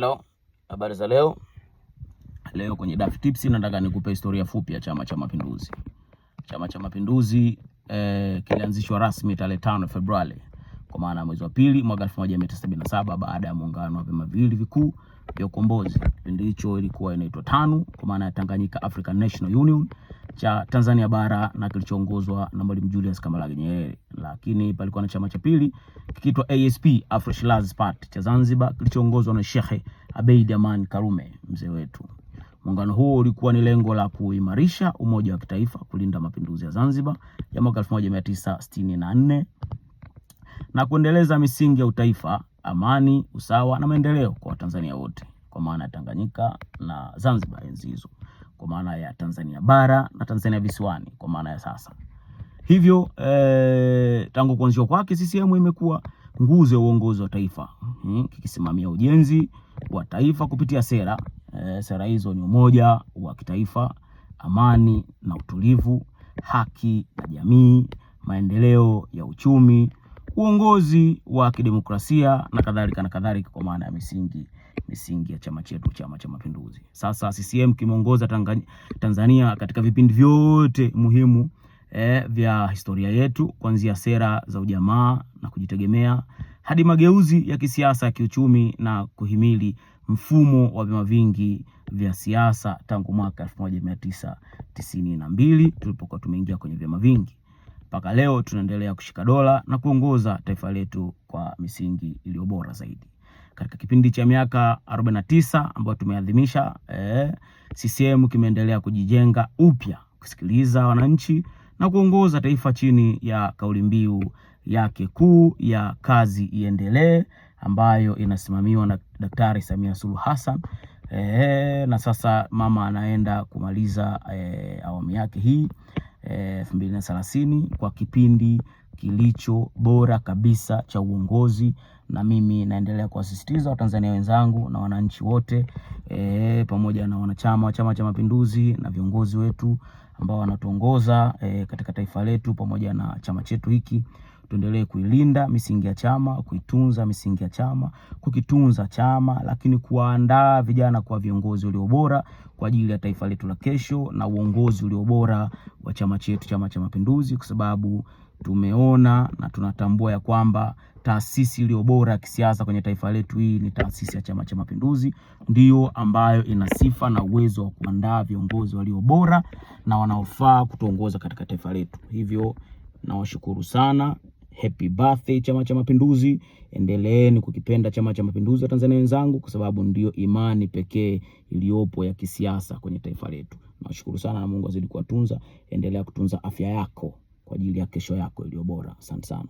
Hello, habari za leo. Leo kwenye DAF Tips nataka nikupe historia fupi ya Chama cha Mapinduzi. Chama cha Mapinduzi eh, kilianzishwa rasmi tarehe 5 Februari kwa maana mwezi wa pili mwaka 1977 baada ya muungano wa vyama viwili vikuu vya ukombozi. Kipindi hicho ilikuwa inaitwa TANU kwa maana ya Tanganyika African National Union cha Tanzania bara na kilichoongozwa na Mwalimu Julius Kamarage Nyerere, lakini palikuwa na chama cha pili kikiitwa ASP Afresh Laz Party cha Zanzibar kilichoongozwa na Sheikh Abeid Aman Karume mzee wetu. Muungano huo ulikuwa ni lengo la kuimarisha umoja wa kitaifa, kulinda mapinduzi ya Zanzibar ya mwaka 1964 na kuendeleza misingi ya utaifa, amani, usawa na maendeleo kwa Watanzania wote, kwa maana Tanganyika na Zanzibar enzi hizo kwa maana ya Tanzania bara na Tanzania visiwani kwa maana ya sasa. Hivyo E, tangu kuanzishwa kwake CCM imekuwa nguzo ya uongozi wa taifa hmm, kikisimamia ujenzi wa taifa kupitia sera e, sera hizo ni umoja wa kitaifa, amani na utulivu, haki na jamii, maendeleo ya uchumi uongozi wa kidemokrasia na kadhalika na kadhalika, kwa maana ya misingi misingi ya chama chetu, Chama cha Mapinduzi. Sasa CCM kimeongoza Tanzania katika vipindi vyote muhimu eh, vya historia yetu, kuanzia sera za ujamaa na kujitegemea hadi mageuzi ya kisiasa ya kiuchumi na kuhimili mfumo wa vyama vingi vya siasa tangu mwaka 1992 tulipokuwa tumeingia kwenye vyama vingi mpaka leo tunaendelea kushika dola na kuongoza taifa letu kwa misingi iliyo bora zaidi. Katika kipindi cha miaka 49 ambayo tumeadhimisha eh, CCM kimeendelea kujijenga upya, kusikiliza wananchi na kuongoza taifa chini ya kauli mbiu yake kuu ya kazi iendelee, ambayo inasimamiwa na Daktari Samia Suluhu Hassan. Eh, na sasa mama anaenda kumaliza eh, awamu yake hii. 2030 eh, kwa kipindi kilicho bora kabisa cha uongozi, na mimi naendelea kuwasisitiza Watanzania wenzangu na wananchi wote e, pamoja na wanachama wa Chama cha Mapinduzi na viongozi wetu ambao wanatuongoza e, katika taifa letu pamoja na chama chetu hiki tuendelee kuilinda misingi ya chama, kuitunza misingi ya chama, kukitunza chama, lakini kuwaandaa vijana kwa viongozi walio bora kwa ajili ya taifa letu la kesho na uongozi ulio bora wa chama chetu, Chama cha Mapinduzi, kwa sababu tumeona na tunatambua ya kwamba taasisi iliyo bora ya kisiasa kwenye taifa letu hii ni taasisi ya Chama cha Mapinduzi, ndiyo ambayo ina sifa na uwezo wa kuandaa viongozi walio bora na wanaofaa kutuongoza katika taifa letu. Hivyo nawashukuru sana. Happy birthday Chama cha Mapinduzi! Endeleeni kukipenda Chama cha Mapinduzi wa Tanzania wenzangu, kwa sababu ndiyo imani pekee iliyopo ya kisiasa kwenye taifa letu. Nawashukuru sana na Mungu azidi kuwatunza. Endelea kutunza afya yako kwa ajili ya kesho yako iliyo bora. Asante sana.